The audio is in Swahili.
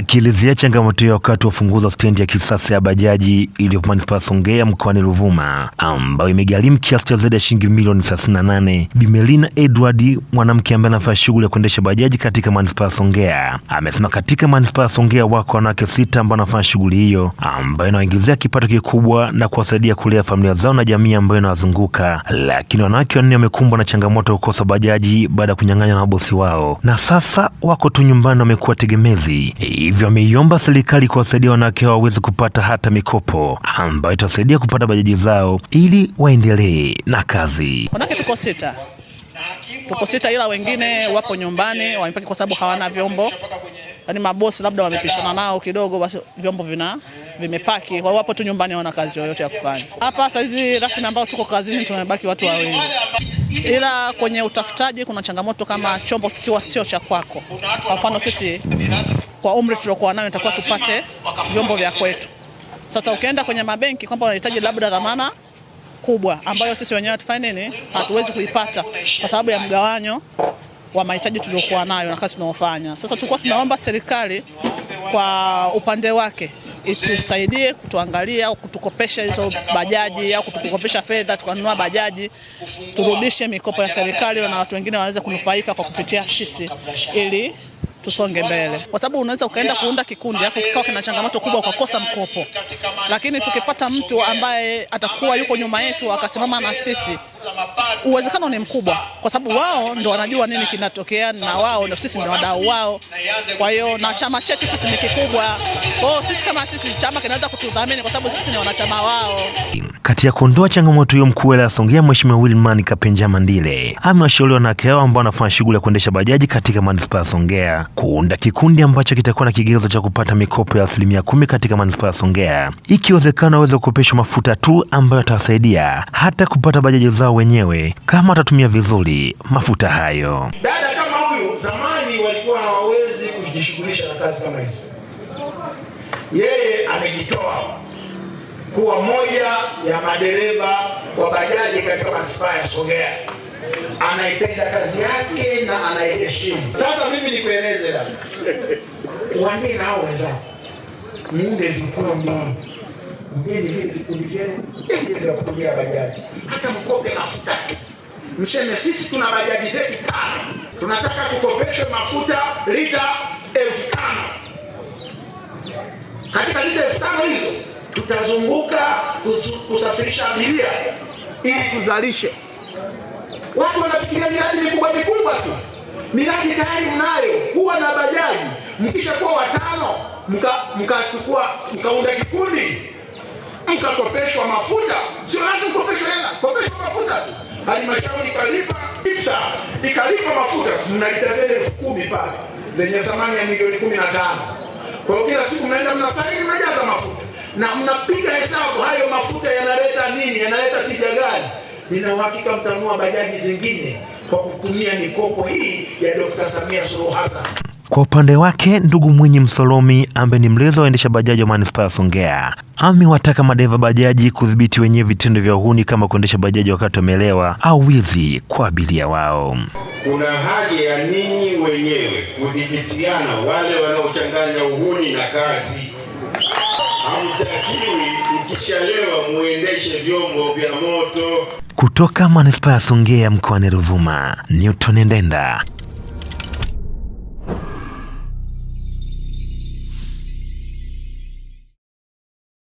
Akielezea changamoto ya wakati wa funguzi wa stendi ya kisasa ya bajaji iliyopo manispaa ya Songea mkoani Ruvuma ambayo imegharimu kiasi cha zaidi ya shilingi milioni 38, Bimelina Edward, mwanamke ambaye anafanya shughuli ya kuendesha bajaji katika manispaa ya Songea, amesema katika manispaa ya Songea wako wanawake sita ambao wanafanya shughuli hiyo ambayo inawaingizia kipato kikubwa na kuwasaidia kulea familia zao na jamii ambayo inawazunguka, lakini wanawake wanne wamekumbwa na changamoto ya kukosa bajaji baada ya kunyang'anywa na wabosi wao, na sasa wako tu nyumbani wamekuwa tegemezi hivyo ameiomba serikali kuwasaidia wanawake hao waweze kupata hata mikopo ambayo itasaidia kupata bajaji zao ili waendelee na kazi. Wanawake tuko sita, tuko sita, ila wengine wapo nyumbani wamefaki kwa sababu hawana vyombo Yani mabosi labda wamepishana nao kidogo, basi vyombo vina vimepaki, kwa wapo tu nyumbani, hawana kazi yoyote ya kufanya. Hapa Sasa hizi rasmi ambao tuko kazini tumebaki watu wawili, ila kwenye utafutaji kuna changamoto, kama chombo kikiwa sio cha kwako. Kwa mfano sisi kwa umri tuliokuwa nayo itakuwa tupate vyombo vya kwetu. Sasa ukienda kwenye mabenki kwamba unahitaji labda dhamana kubwa ambayo sisi wenyewe hatufanye nini, hatuwezi kuipata kwa sababu ya mgawanyo wa mahitaji tuliokuwa nayo na kazi tunaofanya. Sasa tulikuwa tunaomba serikali kwa upande wake itusaidie kutuangalia au kutukopesha hizo bajaji au kutukopesha fedha tukanunua bajaji, turudishe mikopo ya serikali na watu wengine waweze kunufaika kwa kupitia sisi ili tusonge mbele, kwa sababu unaweza ukaenda kuunda kikundi alafu kikawa kina changamoto kubwa ukakosa mkopo lakini tukipata mtu ambaye atakuwa yuko nyuma yetu akasimama na sisi, uwezekano ni mkubwa, kwa sababu wao ndo wanajua nini kinatokea, na wao ndo sisi ndio wadau wao. Kwa hiyo na chama chetu sisi ni kikubwa, kwa hiyo sisi kama sisi chama kinaweza kutudhamini, kwa sababu sisi ni wanachama wao. kati ya kuondoa changamoto hiyo, mkuu wa wilaya ya Songea Mheshimiwa Wilman Kapenja Mandile amewashauri wanawake hao ambao wanafanya shughuli ya kuendesha bajaji katika manispaa ya Songea kuunda kikundi ambacho kitakuwa na kigezo cha kupata mikopo ya asilimia kumi katika manispaa ya Songea Ikiwezekana waweze kukopeshwa mafuta tu ambayo atawasaidia hata kupata bajaji zao wenyewe, kama watatumia vizuri mafuta hayo. Dada kama huyu zamani walikuwa hawawezi kujishughulisha na kazi kama hizi yeye amejitoa kuwa moja ya madereva wa bajaji katika manispaa ya Songea. Anaipenda kazi yake na anaiheshimu. Sasa mimi nikueleze, wanie nao wenzako, muunde vikundi mgeni hii kikundi chenu vya kukulia bajaji, hata mkope mafuta, mseme sisi tuna bajaji zetu tano, tunataka tukopeshwe mafuta lita elfu tano. Katika lita elfu tano hizo tutazunguka kusafirisha abiria ili tuzalishe. Watu wanafikiria miradi mikubwa mikubwa tu, miradi tayari mnayo. Kuwa na bajaji, mkisha kuwa watano mkachukua mkaunda kikundi nikakopeshwa mafuta, sio lazima nikopeshwe hela, kopeshwa mafuta tu. Halmashauri ikalipa pipsa, ikalipa mafuta, mnalitazeni elfu kumi pale lenye thamani ya milioni kumi na tano. Kwa hiyo kila siku mnaenda mnasaini, mnajaza mafuta na mnapiga hesabu hayo mafuta yanaleta nini, yanaleta tija gani? Nina uhakika mtanua bajaji zingine kwa kutumia mikopo hii ya Dr. Samia Suluhu Hassan. Kwa upande wake ndugu Mwinyi Msolomi ambaye ni mlezi wa waendesha bajaji wa manispaa ya Songea amewataka madereva bajaji kudhibiti wenyewe vitendo vya uhuni kama kuendesha bajaji wakati wamelewa au wizi kwa abiria wao. Kuna haja ya ninyi wenyewe kudhibitiana wale wanaochanganya uhuni na kazi. Hamtakiwi mkishalewa muendeshe vyombo vya moto. Kutoka manispaa ya Songea mkoani Ruvuma, Newton Ndenda.